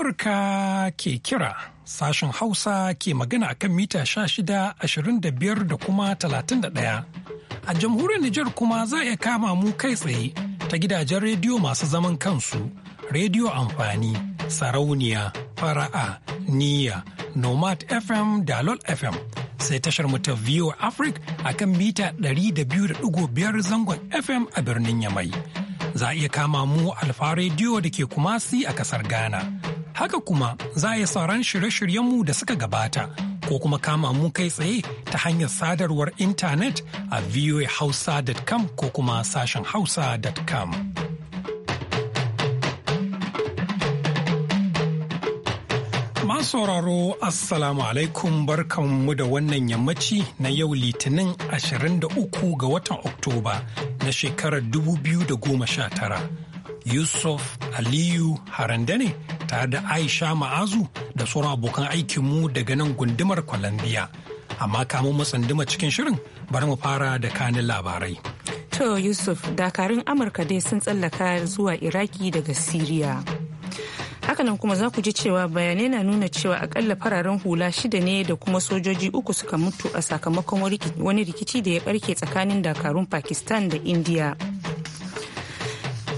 Amurka ke kira sashen Hausa ke magana a kan mita shida, ashirin da kuma ɗaya. A jamhuriyar Nijar kuma za a kama mu kai tsaye ta gidajen rediyo masu zaman kansu, rediyo amfani, sarauniya, fara'a, niyya, nomad FM da lol FM. Sai tashar ta VO Africa a kan mita 200.5 zangon FM a birnin Yamai. Za a iya kama mu alfa rediyo da ke kumasi a kasar Ghana. Haka kuma za a iya sauran shirye-shiryenmu da suka gabata ko kuma kama mu kai tsaye ta hanyar sadarwar intanet a voahausa.com ko kuma sashen hausa.com. sauraro assalamu alaikum mu da wannan yammaci na yau litinin 23 ga watan oktoba na shekarar 2019 yusuf aliyu haranda tare da Aisha Ma'azu da sauran abokan aikinmu daga nan gundumar kwalambiya Amma kamun matsandima cikin shirin bari mu fara da kanin labarai. To Yusuf, dakarun Amurka dai sun tsallaka zuwa Iraki daga Siriya. Hakanan kuma za ku ji cewa bayanai na nuna cewa akalla fararen hula shida ne da kuma sojoji uku suka mutu a sakamakon wani rikici da ya barke tsakanin dakarun Pakistan da indiya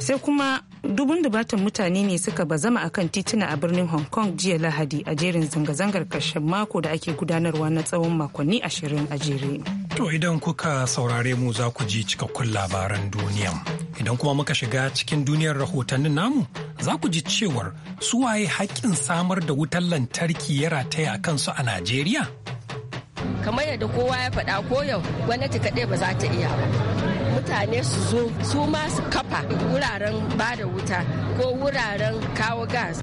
sai kuma dubun dubatan mutane ne suka bazama a kan tituna a birnin hong kong jiya lahadi a jerin zanga-zangar karshen mako da ake gudanarwa na tsawon makonni ashirin a jere to idan kuka saurare mu za ku ji cikakkun labaran duniya idan kuma muka shiga cikin duniyar rahotannin namu za ku ji cewar suwaye haƙƙin samar da wutar lantarki ya rataya a kansu a najeriya kamar yadda kowa ya faɗa ko yau gwamnati kaɗai ba za ta iya ba mutane su zo su ma su kafa wuraren bada wuta ko wuraren kawo gas.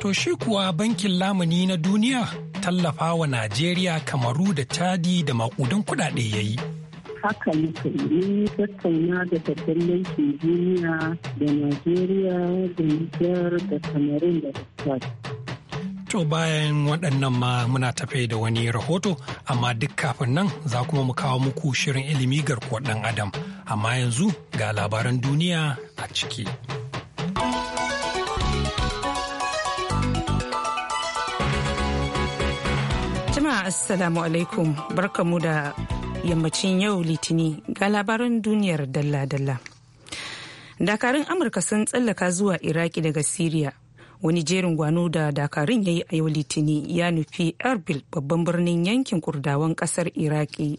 To shi kuwa bankin lamuni na duniya tallafa wa Najeriya, Kamaru da tadi da maƙudan kuɗaɗe ya yi. haka muka yi tattauna da babban yankin duniya da Najeriya da Nijar da Kamarun da To bayan waɗannan ma muna tafe da wani rahoto, amma duk kafin nan za kuma mu kawo muku shirin ilimi garkuwar ɗan Adam. amma yanzu ga labaran duniya a ciki. Jama'a Assalamu alaikum barkamu da yammacin yau litini ga labaran duniyar dalla-dalla. Dakarun Amurka sun tsallaka zuwa Iraki daga Siriya wani jerin gwano da dakarun ya yi a yau litini ya nufi erbil babban birnin yankin kurdawan kasar iraki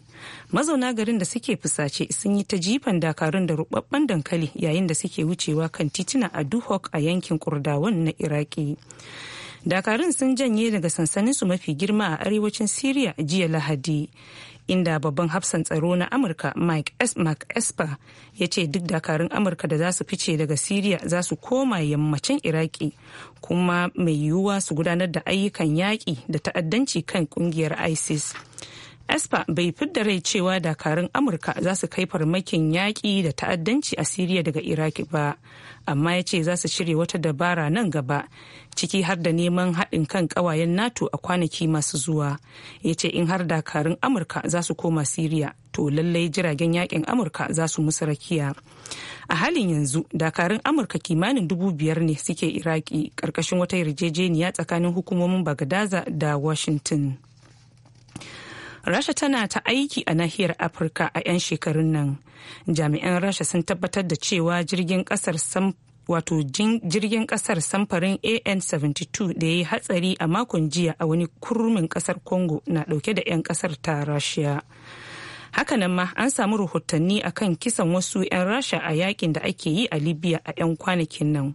mazauna garin da suke fusace sun yi ta jifan dakarun da rubabban dankali yayin da suke wucewa kan titina a duhok a yankin kurdawan na iraki dakarun sun janye daga sansanin su mafi girma a arewacin syria jiya lahadi inda babban hafsan tsaro na amurka mike esmark esper ya ce duk dakarun amurka da za su fice daga syria za su koma yammacin iraki kuma mai yiwuwa su gudanar da ayyukan yaƙi da ta'addanci kan ƙungiyar isis espa bai fidda rai cewa dakarun amurka za su kai farmakin yaƙi da ta'addanci a siriya daga Iraq ba amma ya ce za su shirya wata dabara nan gaba ciki har da neman haɗin kan ƙawayen nato a kwanaki masu zuwa ya ce in har dakarun amurka za su koma siriya to lallai jiragen yaƙin amurka za su musu rakiya a halin yanzu dakarun amurka kimanin dubu biyar ne suke iraki ƙarƙashin wata yarjejeniya tsakanin hukumomin Bagdaza da washington rasha tana ta aiki a nahiyar afirka a 'yan shekarun nan jami'an rasha sun tabbatar da cewa jirgin kasar wato jirgin kasar samfarin an-72 da ya yi hatsari a makon jiya a wani kurmin kasar congo na dauke da 'yan kasar ta rasha hakanan ma an samu rahotanni akan kisan wasu 'yan rasha a yakin da ake yi a libya a 'yan kwanakin nan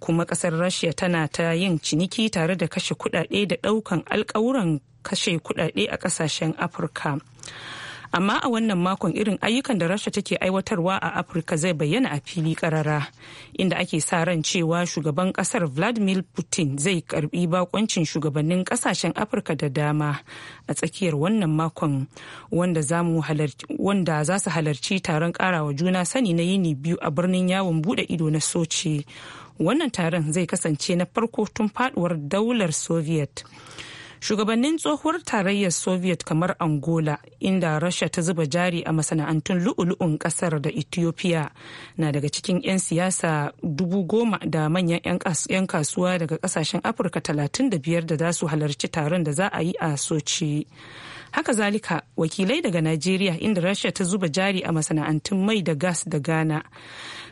kuma kasar rasha tana ta yin ciniki tare da kashe kudade da daukan alkawuran kashe kudade a kasashen afirka amma a wannan makon irin ayyukan da rasha take aiwatarwa a afirka zai bayyana a fili karara inda ake sa ran cewa shugaban kasar vladimir putin zai karbi bakoncin shugabannin kasashen afirka da dama a tsakiyar wannan makon wanda za su halarci taron karawa juna sani na yini biyu a birnin yawon bude ido na sochi wannan taron zai kasance na farko tun faduwar daular soviet shugabannin tsohuwar tarayyar soviet kamar angola inda rasha ta zuba jari a masana'antun lu'ulu'un kasar da ethiopia na daga cikin 'yan siyasa dubu goma da manyan 'yan kasuwa daga kasashen afirka talatin da biyar za su halarci taron da za a yi a sochi haka zalika wakilai daga nigeria inda rasha ta zuba jari a masana'antun mai da gas da ghana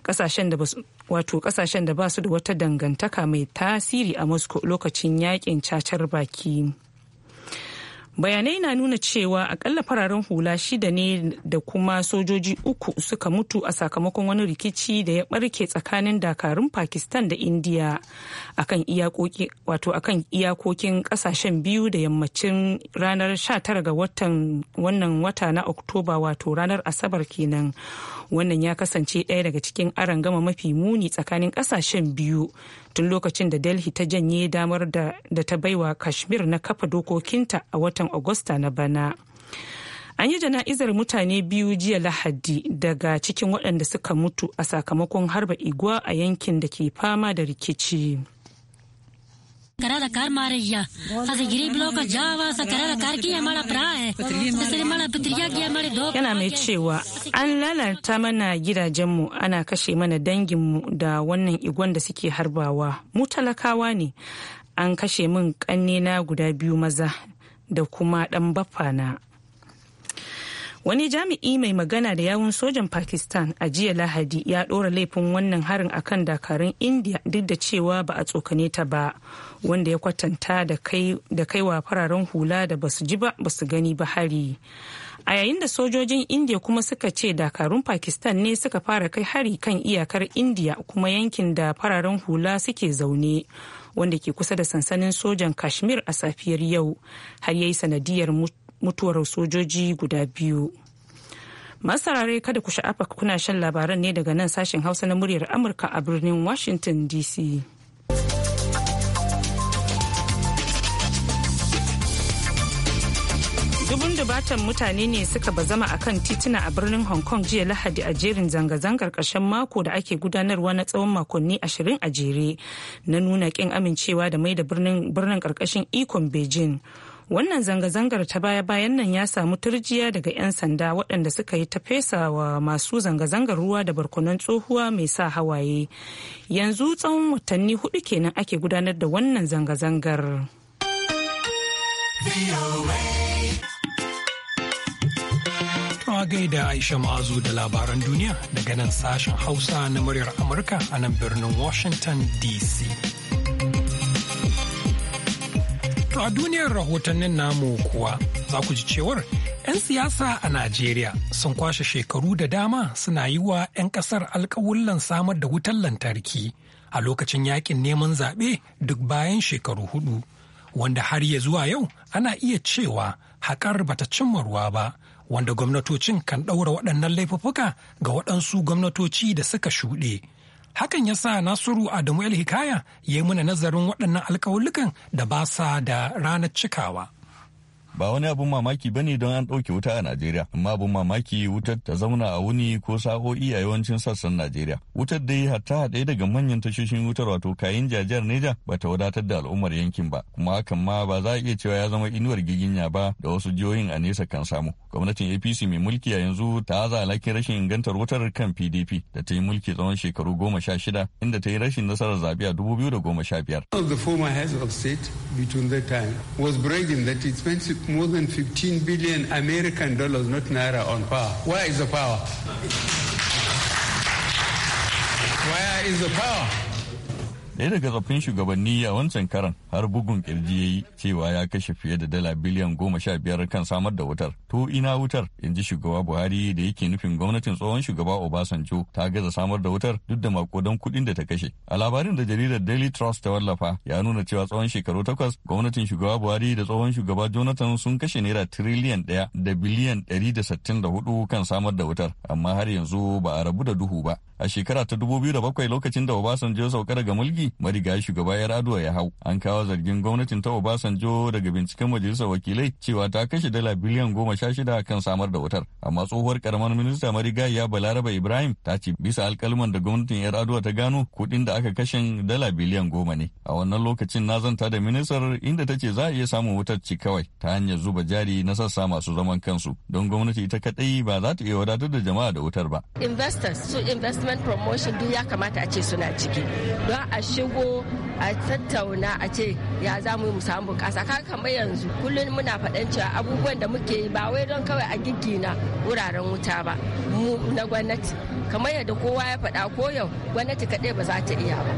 kasashen da wato kasashen da ba su da wata dangantaka mai tasiri a moscow lokacin yakin cacar baki bayanai na nuna cewa akalla fararen hula shida ne da kuma sojoji uku suka mutu a sakamakon wani rikici da ya barke tsakanin dakarun pakistan da indiya akan iyakokin kasashen biyu da yammacin ranar 19 ga watan wannan wata na oktoba wato ranar asabar kenan wannan ya kasance ɗaya daga cikin gama mafi muni tsakanin kasashen biyu tun lokacin da delhi ta janye damar da ta baiwa kashmir na kafa dokokinta a watan agusta na bana an yi jana'izar mutane biyu jiya lahadi daga cikin waɗanda suka mutu a sakamakon harba igwa a yankin da ke fama da rikici. yana mai cewa an lalata mana gidajenmu ana kashe mana danginmu da wannan igon da suke harbawa mu talakawa ne an kashe min kannena guda biyu maza da kuma dan baffa na wani jami'i mai magana da yawun sojan pakistan a jiya lahadi ya ɗora laifin wannan harin akan dakarun india duk da cewa ba a tsokane ta ba wanda ya kwatanta da kaiwa fararen hula da basu ji ba basu gani ba hari a yayin da sojojin india kuma suka ce dakarun pakistan ne suka fara kai hari kan iyakar india kuma yankin da fararen hula suke zaune wanda ke kusa da sansanin sojan kashmir a safiyar yau har yayi sanadiyar mutuwar sojoji guda biyu masarare kada ku sha'afa kuna shan labaran ne daga nan sashen hausa na muryar amurka a birnin washington dc dubun dubatan mutane ne suka bazama a kan tituna a birnin hong kong jiya lahadi a jerin zanga-zangar ƙarshen mako da ake gudanarwa na tsawon makonni ashirin a jere na nuna kin amincewa da mai da birnin ƙarƙashin ikon beijing wannan zanga-zangar ta baya-bayan nan ya samu turjiya daga 'yan sanda waɗanda suka yi ta fesa wa masu zanga-zangar ruwa da barkonon tsohuwa mai sa hawaye yanzu tsawon watanni hudu kenan ake gudanar da wannan zanga-zangar. gaida Aisha Ma'azu da labaran duniya daga nan sashen Hausa na muryar Amurka a nan birnin Washington DC. To a duniyar rahotannin namu kuwa za ku ji cewar 'yan siyasa a Najeriya sun kwashe shekaru da dama suna yi wa 'yan ƙasar alkawullan samar da wutar lantarki a lokacin yakin neman zaɓe duk bayan shekaru hudu, wanda har ya zuwa yau ana iya cewa haƙar bata cimma ruwa ba. wanda gwamnatocin kan ɗaura waɗannan laifuffuka ga waɗansu gwamnatoci da suka shuɗe. Hakan ya sa Nasiru Adamu El Hikaya ya yi mana nazarin waɗannan alkawulukan da ba sa da ranar cikawa. ba wani abun mamaki bane don an ɗauke wuta a Najeriya amma abun mamaki wutar ta zauna a wuni ko sa'o'i a yawancin sassan Najeriya wutar dai hatta ɗaya daga manyan tashoshin wutar wato kayan jajiyar Neja ba ta wadatar da al'ummar yankin ba kuma hakan ma ba za a iya cewa ya zama inuwar giginya ba da wasu jihohin a nesa kan samu gwamnatin APC mai mulki a yanzu ta alhakin rashin ingantar wutar kan PDP da ta yi mulki tsawon shekaru goma sha shida inda ta yi rashin nasarar zaɓe a dubu biyu da goma sha biyar. One of the former heads of state between that time was bragging that more than 15 billion American dollars, not naira, on power. Where is the power? Where is the power? daya daga tsoffin shugabanni a wancan karan har bugun kirji ya yi cewa ya kashe fiye da dala biliyan goma sha biyar kan samar da wutar to ina wutar in ji shugaba buhari da yake nufin gwamnatin tsohon shugaba obasanjo ta gaza samar da wutar duk da makodan kuɗin da ta kashe a labarin da jaridar daily trust ta wallafa ya nuna cewa tsohon shekaru takwas gwamnatin shugaba buhari da tsohon shugaba jonathan sun kashe naira tiriliyan ɗaya da biliyan ɗari da sittin da hudu kan samar da wutar amma har yanzu ba a rabu da duhu ba a shekara ta dubu da bakwai lokacin da Obasanjo ya sauka daga mulki mariga shugaba raduwa ya hau an kawo zargin gwamnatin ta Obasanjo daga binciken majalisar wakilai cewa ta kashe dala biliyan goma sha shida kan samar da wutar amma tsohuwar karamar minista mariga ya Balaraba Ibrahim ta ce bisa alkalman da gwamnatin raduwa ta gano kuɗin da aka kashe dala biliyan goma ne a wannan lokacin na zanta da ministar inda ta ce za a iya samun wutar ci kawai ta hanyar zuba jari na sassa masu zaman kansu don gwamnati ita kaɗai ba za ta iya wadatar da jama'a da wutar ba advertisement promotion duk ya kamata a ce suna ciki don a shigo a tattauna a ce ya za mu yi mu samu bunƙasa kamar yanzu kullum muna faɗan cewa abubuwan da muke yi ba wai don kawai a giggina wuraren wuta ba mu na gwamnati kamar yadda kowa ya faɗa ko yau gwamnati kaɗai ba za ta iya ba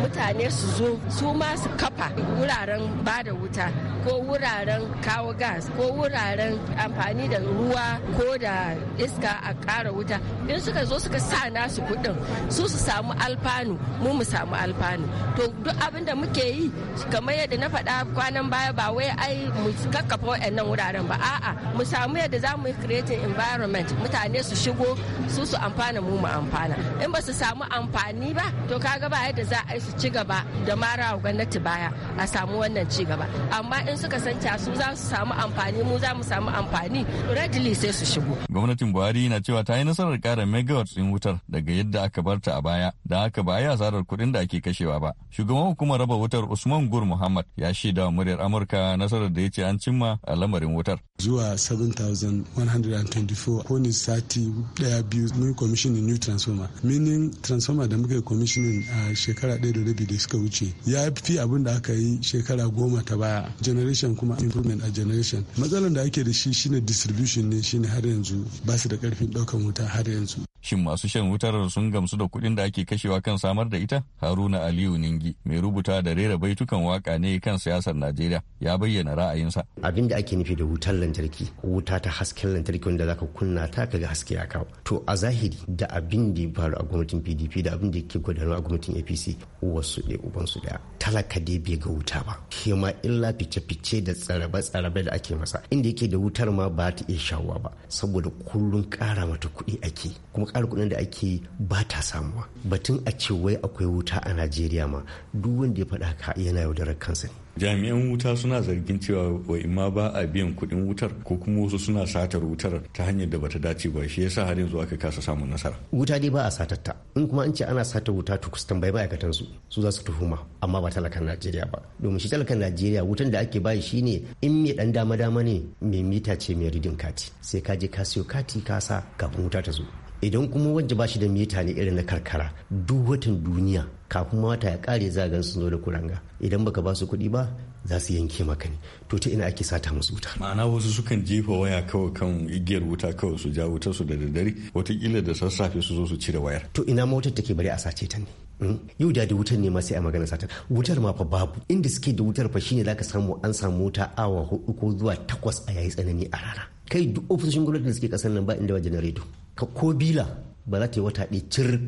mutane su zo su ma su kafa wuraren bada wuta ko wuraren kawo gas ko wuraren amfani da ruwa ko da iska a ƙara wuta in suka zo suka sa nasu su kuɗin su su samu alfanu mu mu samu alfanu to duk abin da muke yi kamar yadda na faɗa kwanan baya ba wai ai mu kakkafa waɗannan wuraren ba a'a mu samu yadda za mu yi creating environment mutane su shigo su su amfana mu mu amfana in ba su samu amfani ba to kaga ba yadda za a yi su ci gaba da mara gwamnati baya a samu wannan ci gaba amma in suka san su za su samu amfani mu za mu samu amfani readily sai su shigo gwamnatin buhari na cewa ta yi nasarar kara megawatt din wutar daga daga yadda aka barta a baya da haka ba ya zarar kuɗin da ake kashewa ba shugaban hukumar raba wutar usman gur muhammad ya shaida wa muryar amurka nasarar da ya ce an cimma a lamarin wutar zuwa 7124 kone sati daya biyu mun commissioning new transformer meaning transformer da muke commissioning a shekara ɗaya da rabi da suka wuce ya fi abin da aka yi shekara goma ta baya generation kuma improvement a generation matsalar da ake da shi shine distribution ne shine har yanzu ba su da karfin ɗaukan wuta har yanzu shin masu shan wutar mujallar sun gamsu da kuɗin da ake kashewa kan samar da ita haruna aliyu ningi mai rubuta da rera baitukan waka ne kan siyasar najeriya ya bayyana ra'ayinsa abin da ake nufi da wutar lantarki wuta ta hasken lantarki wanda zaka kunna ta kaga haske ya kawo to a zahiri da abin da ya faru a gwamnatin pdp da abin da ke gudanar a gwamnatin apc wasu ɗaya ubansu ɗaya talaka dai bai ga wuta ba shi ma illa fice-fice da tsarabe-tsarabe da ake masa inda yake da wutar ma ba ta iya shawuwa ba saboda kullum ƙara mata kuɗi ake kuma ƙara kuɗin da ake ba ta samuwa batun a ce wai akwai wuta a najeriya ma duk wanda ya faɗa haka yana yaudarar kansa ne jami'an wuta suna zargin cewa wai ma ba a biyan kuɗin wutar ko kuma wasu suna satar wutar ta hanyar da bata dace ba shi yasa har yanzu aka kasa samun nasara wuta dai ba a satatta, in kuma an ce ana satar wuta to kusan bai ma'aikatan su su za su tuhuma amma ba talakan najeriya ba domin shi talakan najeriya wutan da ake bayi shine in mai dan dama dama ne mai mita ce mai ridin kati sai ka je ka siyo kati ka sa kafin wuta ta zo idan kuma wajen ba shi da mita ne irin na karkara duk watan duniya kafin wata ya kare za a sun zo da kuranga idan baka ba su kuɗi ba za su yanke maka ne to ta ina ake sata musu wuta ma'ana wasu sukan jefa waya kawai kan igiyar wuta kawai su ja wutar su da daddare watakila da sassafe su zo su cire wayar to ina motar take bari a sace ta ne hmm? yau da wutar ne ma sai a magana sata wutar ma fa babu inda suke da wutar fa shine zaka samu an samu wuta awa hudu ko zuwa takwas a yayi tsanani a rana kai duk ofisoshin gwamnati da suke kasar nan ba inda ba janareto ka ko bila ba za ta yi wata ɗaya cir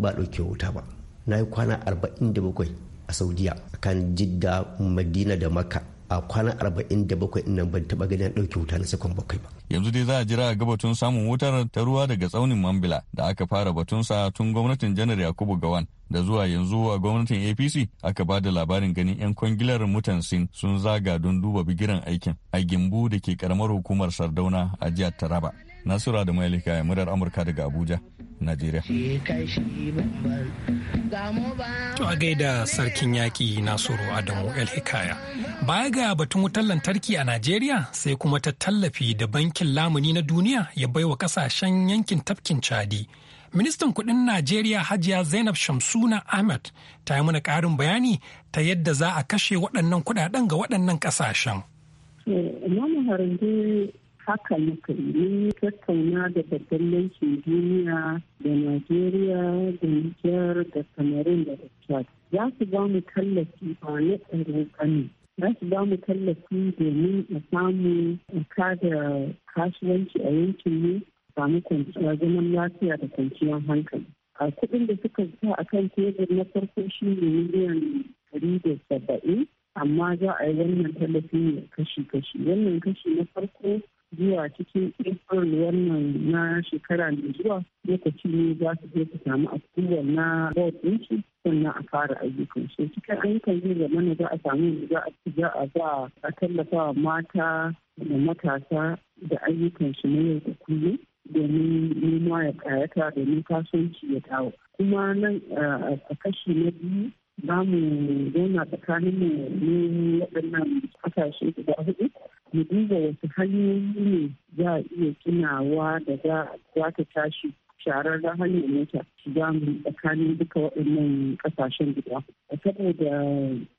ba ɗauke wuta ba na yi kwana arba'in da bakwai a saudiya kan jidda madina da makka a kwana arba'in da bakwai nan ban taɓa gani an ɗauke wuta na sakon bakwai ba. yanzu dai za a jira ga batun samun wutar ta ruwa daga tsaunin mambila da aka fara batunsa tun gwamnatin janar yakubu gawan da zuwa yanzu a gwamnatin apc aka ba da labarin ganin 'yan kwangilar mutansin sun zaga don duba bigiran aikin a gimbu da ke karamar hukumar sardauna a jihar taraba Nasura da Mailika ya murar Amurka daga Abuja, Najeriya. To a gaida sarkin yaƙi nasuru Adamu El Hikaya. Baya ga batun wutar lantarki a Najeriya sai kuma ta tallafi da bankin lamuni na duniya ya baiwa kasashen yankin tafkin Chadi. Ministan kudin Najeriya Hajiya Zainab Shamsuna Ahmed ta yi mana ƙarin bayani ta yadda za a kashe waɗannan kudaden ga waɗannan ƙasashen. haka muka yi mun tattauna da babban duniya da najeriya da niger da samarin da chad za su ba mu tallafi ba na tsaron kanu za su ba mu tallafi domin a samu a da kasuwanci a yankin mu samu kwanciya zaman lafiya da kwanciyar hankali a kuɗin da suka sa a kan tebur na farko shi ne miliyan ɗari da saba'in amma za a yi wannan tallafi ne kashi-kashi wannan kashi na farko zuwa cikin april wannan na shekara mai zuwa lokaci ne za su je su samu approval na board ɗinsu sannan a fara ayyukan su cikin ayyukan zai zama na za a samu za a za a za a tallafa mata da matasa da ayyukan su na yau da kullum domin noma ya ƙayata domin kasuwanci ya dawo kuma nan a kashi na biyu za mu zauna tsakanin mu ne waɗannan ƙasashe guda hudu mu duba wasu hanyoyi ne za a iya tunawa da za ta tashi sharar da hanyar mota shiga mu tsakanin duka waɗannan ƙasashen guda saboda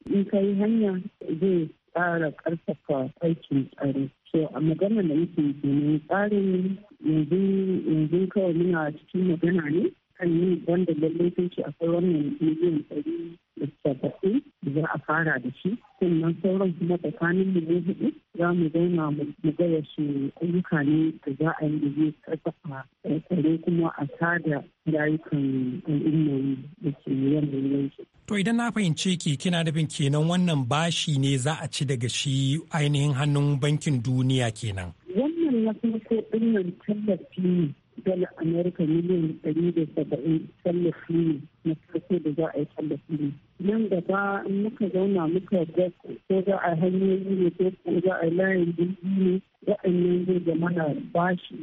in ka yi hanya zai ƙara ƙarfafa aikin tsaro so a magana da muke ne tsarin yanzu kawai muna cikin magana ne kan yi wanda lallai sun ce akwai wannan miliyan ɗari saba'in za a fara da shi sannan sauran kuma tsakanin mu ne hudu za mu zauna mu gaya su ayyuka ne da za a yi da zai karfafa tsare kuma a tada rayukan al'ummar da ke To idan na fahimce ki kina nufin kenan wannan bashi ne za a ci daga shi ainihin hannun bankin duniya kenan. Wannan na farko ɗin tallafi ne dala Amurka miliyan ɗari da tallafi ne na farko da za a yi tallafi ne nan gaba in muka zauna muka ga ko za a hanyoyi ne ko ko za a layin jirgi ne waɗannan zai da mana bashi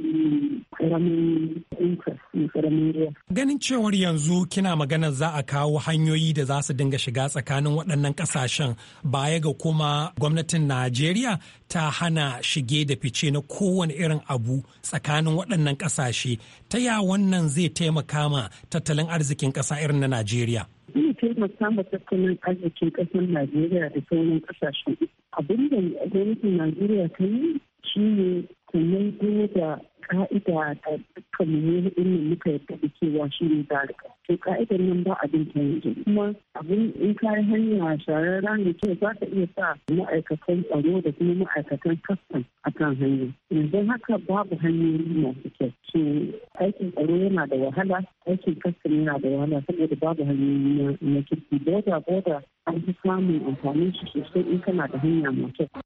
karamin interest ne karamin ruwa. Ganin cewar yanzu kina maganar za a kawo hanyoyi da za su dinga shiga tsakanin waɗannan ƙasashen baya ga kuma gwamnatin Najeriya ta hana shige da fice na kowane irin abu tsakanin waɗannan ƙasashe ta ya wannan zai taimaka ma tattalin arzikin ƙasa irin na Najeriya? Ina taimaka ma tattalin arzikin ƙasar Najeriya da sauran ƙasashen. Abin da gwamnatin Najeriya ta yi shi ne ta maido da ka'ida ta dukkan ne muka yadda da ke shi ne zalika to ka'idar nan ba abin ta yanzu kuma abin in ka hanya shayar ne ce za ka iya sa ma'aikatan tsaro da kuma ma'aikatan kastam a kan hanyar. yanzu haka babu hanyoyi masu kyau aikin tsaro yana da wahala aikin kastam yana da wahala saboda babu hanyoyi na kirki boda boda an fi samun amfanin shi sosai in kana da hanya mai kyau.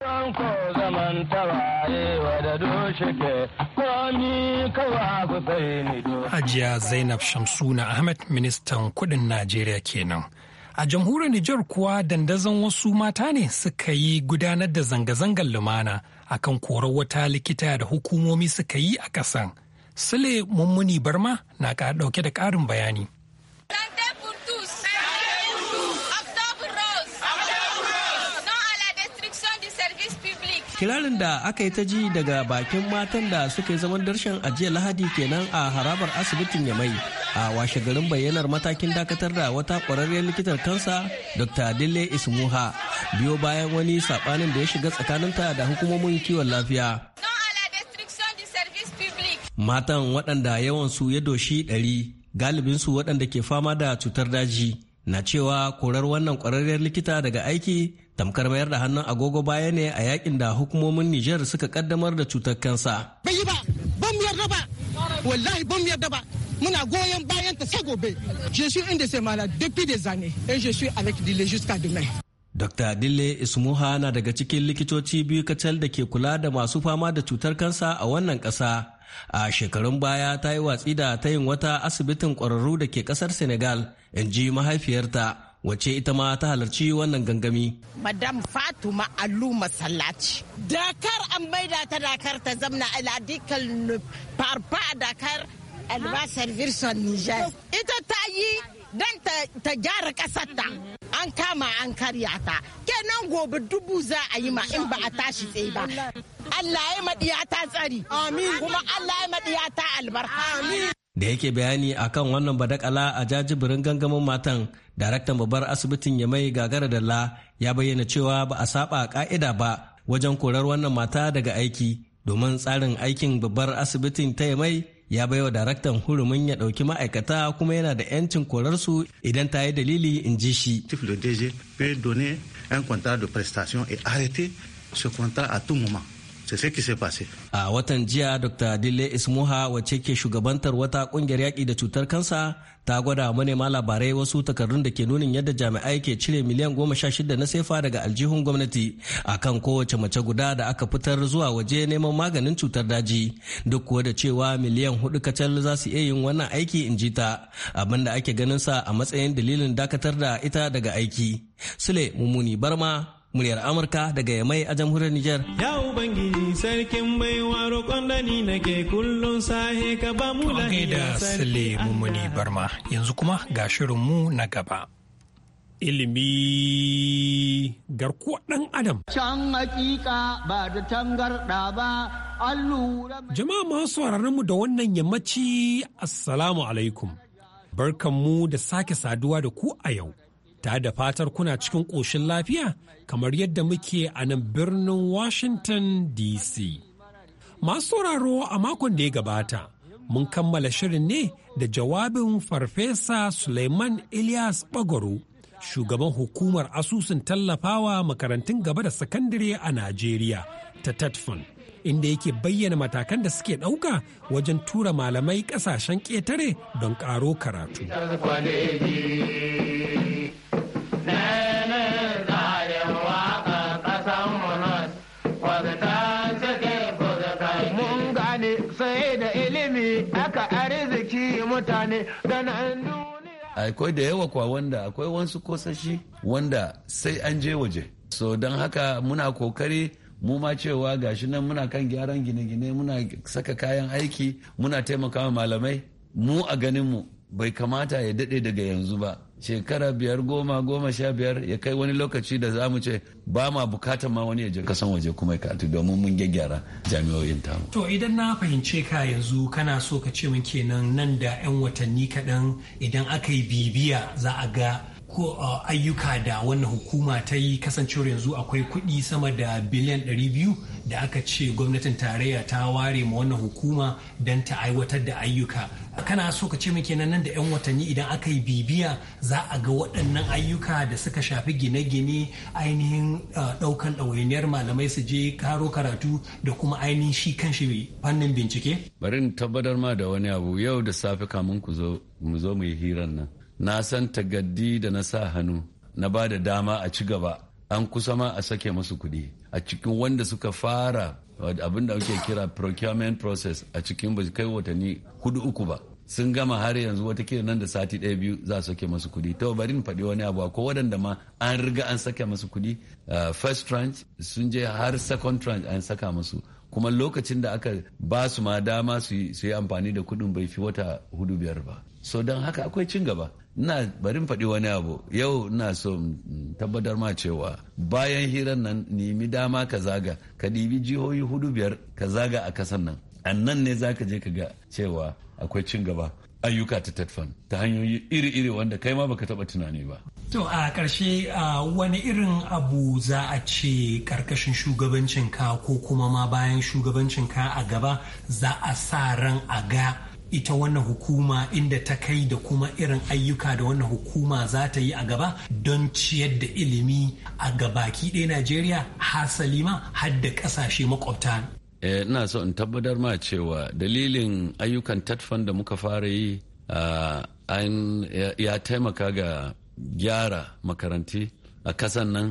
Hajiya Zainab Shamsuna Ahmed ministan kudin Najeriya kenan. A jamhuriyar Nijar kuwa dandazon wasu mata ne suka yi gudanar da zanga-zangar lumana akan korar wata likita da hukumomi suka yi a ƙasan. Sule Mummuni Barma na ɗauke da ƙarin bayani. kirarin da aka yi ta ji daga bakin matan da suka yi zaman darshen a lahadi kenan a harabar asibitin ya mai a washe garin bayyanar matakin dakatar da wata kwararriyar likitar kansa dr dille ismuha biyo bayan wani saɓanin da ya shiga tsakaninta da hukumomin kiwon lafiya matan waɗanda yawansu ya doshi ɗari galibinsu waɗanda ke fama da cutar daji na cewa korar wannan kwararriyar likita daga aiki tamkar mayar da hannun agogo baya ne a yakin da hukumomin Nijar suka kaddamar da cutar kansa. Bai yi ba, ban yarda ba, wallahi ban yarda muna goyon bayan ta sai gobe. Je suis un de ces malades depuis des années et je suis avec les jusqu'à demain. Dr. Adile Ismuha na daga cikin likitoci biyu kacal da ke kula da masu fama da cutar kansa a wannan ƙasa. A shekarun baya ta yi watsi da ta yin wata asibitin ƙwararru da ke ƙasar Senegal, in ji mahaifiyarta, wace ita ma ta halarci wannan gangami. Madam Fatuma Alu Masallaci. Dakar an maida ta Dakar ta zamna al'adikal nufarfa farfa Dakar albasar Virson Niger. Ita ta yi don ta gyara ta an kama an karya ta kenan gobe dubu za a yi ma in ba a tashi tsaye ba Allah ya maɗiya ta tsari kuma Allah ya maɗiya ta albarka da yake bayani akan wannan badakala a jajibirin gangamin matan daraktan babbar asibitin ya mai gagara la ya bayyana cewa ba a saba ka'ida ba wajen korar wannan mata daga aiki domin tsarin aikin babbar asibitin ta mai ya baiwa daraktan hurumin ya ɗauki ma'aikata kuma yana da 'yancin korarsu idan ta yi dalili in ji shi. Le DG peut donner un contrat de prestation et arrêter ce contrat à tout moment. A watan jiya Dr. Dille Ismuha wacce ke shugabantar wata kungiyar yaƙi da cutar kansa ta gwada manema labarai wasu takardun da ke nunin yadda jami'ai ke cire miliyan goma sha shida na sefa daga aljihun gwamnati a kan kowace mace guda da aka fitar zuwa waje neman maganin cutar daji duk kuwa da cewa miliyan hudu kacal za su iya yin wannan aiki in ji ta abin da ake ganin sa a matsayin dalilin dakatar da ita daga aiki. Sule Mumuni Barma muryar Amurka daga Yamai a jamhuriyar Nijar. Ya Ubangiji sarkin baiwa roƙon dani ke, kullum sahe ka ba mu da Sule Mummuni Barma yanzu kuma ga shirinmu na gaba. Ilimi garkuwa ɗan Adam. Can hakika ba da tangarɗa ba, an Jama'a masu mu da wannan yammaci, Assalamu alaikum. Barkanmu da sake saduwa da ku a yau. Ta da fatar kuna cikin ƙoshin lafiya kamar yadda muke a nan birnin Washington DC. Masu sauraro a makon da ya gabata, mun kammala shirin ne da jawabin Farfesa Suleiman Ilyas Bagoro, shugaban hukumar asusun tallafawa makarantun gaba da sakandare a Najeriya ta Tatfun. inda yake bayyana matakan da suke ɗauka wajen tura malamai ƙasashen ƙetare don ƙaro karatu. mutane sai da ilimi aka arziki mutane da akwai da yawa kwa wanda akwai wasu kosashi wanda sai an je waje so don haka muna kokari mu ma cewa gashi nan muna kan gyaran gine-gine muna saka kayan aiki muna taimakawa malamai mu a ganinmu bai kamata ya daɗe daga yanzu ba shekara biyar goma goma sha biyar ya kai wani lokaci da za mu ce ba ma bukatar ma wani ya je kasan waje kuma ya karatu domin mun gyaggyara jami'o'in tamu. To idan na fahimce ka yanzu kana so ka ce min kenan nan da 'yan watanni kaɗan idan aka yi bibiya za a ga ko uh, ayyuka da wannan hukuma ta yi kasancewar yanzu akwai kuɗi sama da biliyan 200 da aka ce gwamnatin tarayya ta ware ma wannan hukuma don ta aiwatar da ayyuka kana so ka ce muke nan da 'yan watanni idan aka yi bibiya za a ga waɗannan ayyuka da suka shafi gine-gine ainihin uh, ɗaukan ɗawainiyar malamai su je karo karatu da kuma ainihin shi kanshi fannin bincike bari tabbatar ma da wani abu yau da safe kamun ku zo mu zo mu yi hirar nan na san tagaddi da na sa hannu na ba da dama a ci gaba an kusa ma a sake masu kuɗi a cikin wanda suka fara abin da ake kira procurement process a cikin ba kai watanni hudu uku ba sun gama har yanzu watakila nan da sati ɗaya biyu za su sake masu kuɗi ta bari in faɗi wani abu ko waɗanda ma an riga an sake masu kuɗi uh, first tranche sun je har second tranche an saka masu kuma lokacin da aka ba su ma dama su yi amfani da kuɗin bai fi wata hudu biyar ba so don haka akwai cin gaba na barin faɗi wani abu yau na so tabbatar ma cewa bayan hirar nan nemi dama ka zaga ka ɗibi jihohi hudu biyar ka zaga a kasan nan annan ne za ka je ka ga cewa akwai cin gaba ayyuka ta tetfan ta hanyoyi iri-iri wanda kai ma baka taba tunani ba. To a ƙarshe wani irin abu za a ce ƙarƙashin shugabancin ka ko kuma ma bayan shugabancin ka a gaba za a sa ran a ga ita wannan hukuma inda ta kai da kuma irin ayyuka da wannan hukuma za ta yi a gaba don ciyar da ilimi a gabaki ɗaya Najeriya hasali ma har da ƙasashe makwabta. Eh, ina so in tabbatar ma cewa dalilin ayyukan tatfan da muka fara yi ya taimaka ga gyara makaranti a kasan nan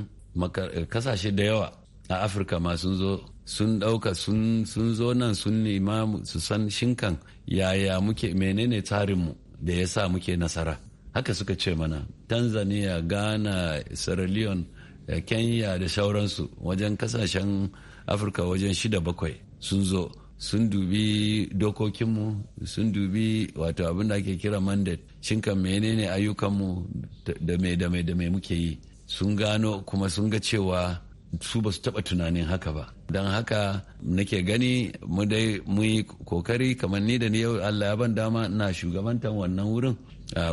kasashe da yawa a afirka ma sun zo sun ɗauka sun zo nan sun nema su san shinkan yaya muke menene tsarinmu da ya sa muke nasara haka suka ce mana tanzania ghana sierra leone eh, kenya da shauransu wajen kasashen afirka wajen shida bakwai sun zo sun dubi dokokinmu sun dubi wato abin da ake kira mandate shinkan menene ayyukanmu da mai da mai da mai muke yi sun gano kuma sun ga cewa su ba su taɓa tunanin haka ba don haka nake gani mu dai mu yi kokari kamar ni da ni yau allah ya ban dama ina shugabantar wannan wurin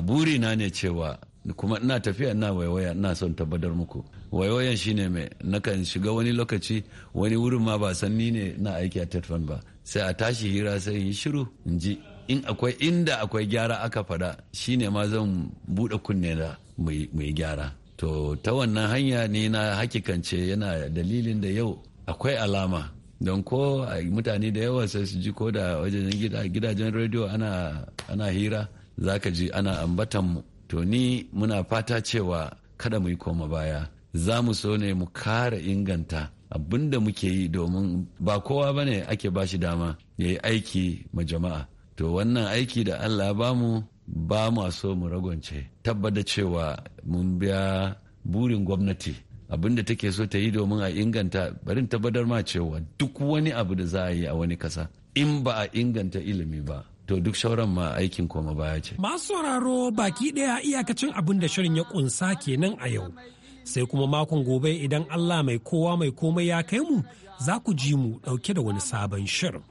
buri na ne cewa kuma ina tafiya ina waiwaya ina son tabbatar muku waiwayan shine mai nakan shiga wani lokaci wani wurin ma ba san ni ne na aiki a tetfan ba sai a tashi hira sai yi shiru in ji in akwai inda akwai gyara aka fada shine ma zan buɗe kunne da mai gyara to ta wannan hanya ne na hakikance yana dalilin da yau akwai alama don ko mutane da yawa sai su ji ko da wajen gidajen rediyo ana hira za ka ji ana ambatan mu to ni muna fata cewa kada mu yi koma baya za mu so ne mu kara inganta abin da muke yi domin ba kowa ba ne ake ba shi dama ya yi aiki ma jama'a to wannan aiki da allah ba mu. ba mu so mu ragwance tabbata cewa mun biya burin gwamnati abin da take so ta yi domin a inganta barin tabbatar ma cewa duk wani abu da za a yi a wani kasa in ba a inganta ilimi ba to duk shauran ma aikin koma baya ce. Masu sauraro baki ɗaya iyakacin abin da shirin ya kunsa kenan a yau. Sai kuma makon gobe idan Allah mai kowa mai komai ya kai mu za ku ji mu ɗauke da wani sabon shirin.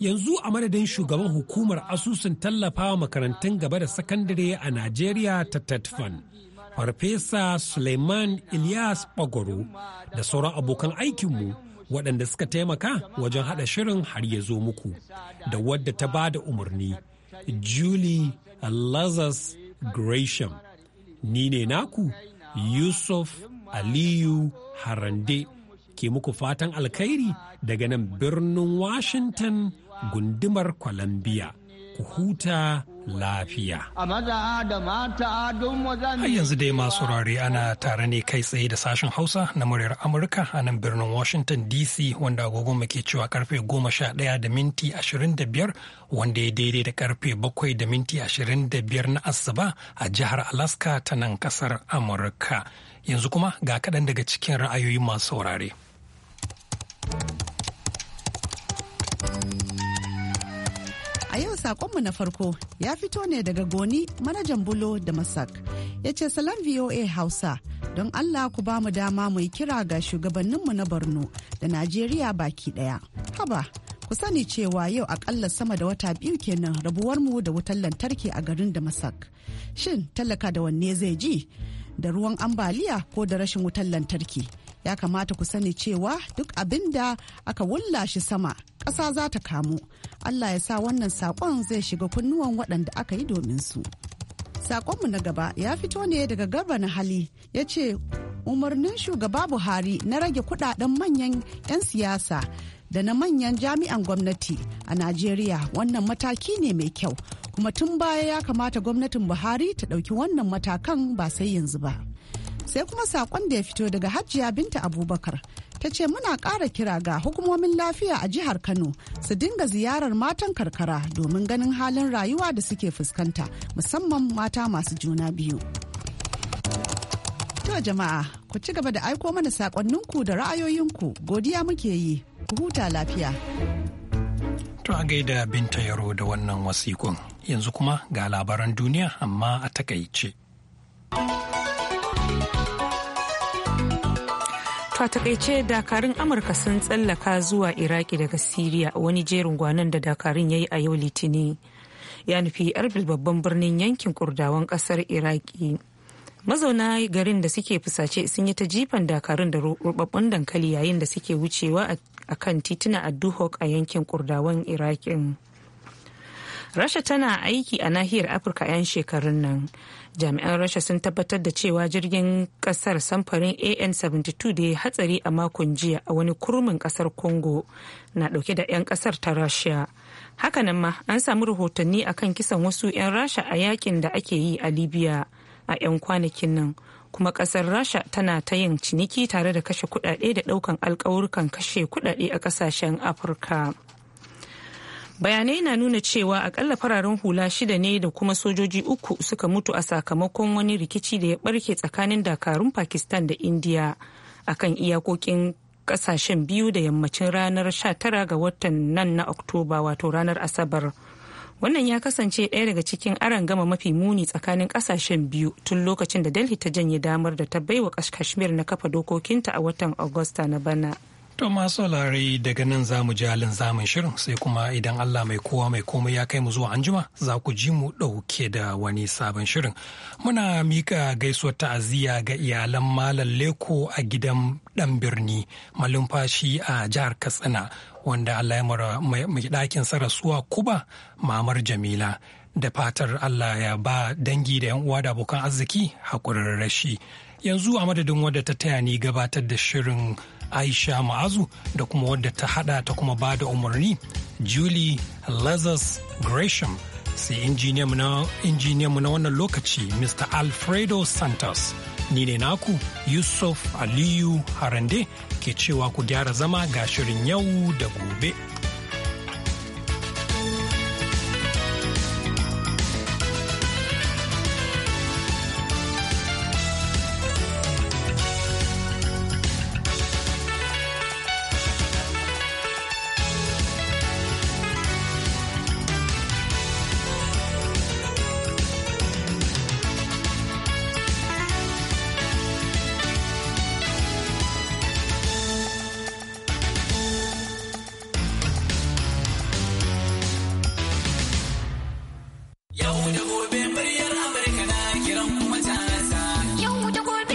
yanzu a madadin shugaban hukumar asusun tallafawa makarantun gaba da sakandare a najeriya ta tetfan farfesa suleiman ilyas bagoro da sauran abokan aikinmu waɗanda suka taimaka wajen haɗa shirin har ya zo muku da wadda ta ba da umarni julie lazarus gresham ni ne naku yusuf aliyu harande ke muku fatan alkhairi daga nan birnin Washington gundumar Columbia. Ku huta lafiya. Har yanzu dai masu rare ana tare ne kai tsaye da sashen Hausa na muryar Amurka a nan birnin Washington DC wanda agogon ke cewa karfe goma sha ɗaya da minti ashirin da biyar wanda ya daidai da karfe bakwai da minti ashirin da biyar na Asuba a jihar Alaska ta nan kasar Amurka. Yanzu kuma ga kaɗan daga cikin ra'ayoyin masu saurare. A yau sakonmu na farko ya fito ne daga Goni manajan Bulo da Masak. Ya ce salam VOA Hausa don Allah ku ba mu dama mu yi kira ga shugabanninmu na Borno da Najeriya baki daya. Haba, ku sani cewa yau akalla sama da wata biyu kenan rabuwarmu da wutar lantarki a garin da Masak. Shin talaka da wanne zai ji? Da ruwan ambaliya ko da rashin wutar lantarki? ya kamata ku sani cewa duk abin da aka wulla shi sama ƙasa za ta kamu allah ya sa wannan saƙon zai shiga kunnuwan waɗanda aka yi domin su saƙonmu na gaba ya fito ne daga garba na hali ya ce umarnin shugaba buhari na rage kuɗaɗen manyan 'yan siyasa da na manyan jami'an gwamnati a najeriya wannan mataki ne mai kyau kuma tun baya ya kamata gwamnatin buhari ta ɗauki wannan matakan ba sai yanzu ba. sai kuma sakon da ya fito daga hajiya binta abubakar ta ce muna ƙara kira ga hukumomin lafiya a jihar kano su dinga ziyarar matan karkara domin ganin halin rayuwa da suke fuskanta musamman mata masu juna biyu to jama'a ku ci gaba da aiko mana sakonninku da ra'ayoyinku godiya muke yi ku huta lafiya to a gaida binta yaro da wannan wasikon yanzu kuma ga labaran duniya amma a takaice. To a takaice dakarun Amurka sun tsallaka zuwa Iraki daga Siriya wani jerin gwanon da dakarun ya yi a yau Litini. Ya nufi Erbil babban birnin yankin kurdawan kasar Iraki. Mazauna garin da suke fusace sun yi ta jifan dakarun da rubabbun dankali yayin da suke wucewa a kan tituna a Duhok a yankin kurdawan Irakin. rasha tana aiki a nahiyar afirka 'yan shekarun nan jami'an rasha sun tabbatar da cewa jirgin kasar samfarin an 72 da ya hatsari a makon jiya a wani kurmin kasar congo na dauke da 'yan kasar ta rasha hakanan ma an samu rahotanni a kan kisan wasu 'yan rasha a yakin da ake yi a libya a 'yan kwanakin nan kuma kasar rasha tana ta yin ciniki tare da kashe kudade da daukan alkawurkan kashe kudade a kasashen afirka. bayanai na nuna cewa akalla fararen hula shida ne da kuma sojoji uku suka mutu a sakamakon wani rikici da ya barke tsakanin dakarun pakistan da india a kan iyakokin kasashen biyu da yammacin ranar 19 ga watan nan na oktoba wato ranar asabar wannan ya kasance ɗaya daga cikin aron gama mafi muni tsakanin kasashen biyu tun lokacin da delhi ta janye damar da ta baiwa kashmir na kafa dokokinta a watan agusta na bana To masu saurare daga nan za mu ji halin zamun shirin sai kuma idan Allah mai kowa mai komai ya kai mu zuwa anjima za ku ji mu ɗauke da wani sabon shirin. Muna mika gaisuwar ta'aziyya ga iyalan Malam Leko a gidan ɗan birni malumfashi a jihar Katsina wanda Allah ya mara mai ɗakin sarasuwa Kuba Mamar Jamila. Da fatar Allah ya ba dangi da 'yan uwa da abokan arziki haƙurin rashi. Yanzu a madadin wadda ta taya ni gabatar da shirin aisha ma'azu da kuma wadda ta hada ta kuma ba da umarni julie lazarus gresham sai injiniyanmu na wannan lokaci mr alfredo santos ni ne naku yusuf aliyu harande ke cewa ku gyara zama ga shirin yau da gobe.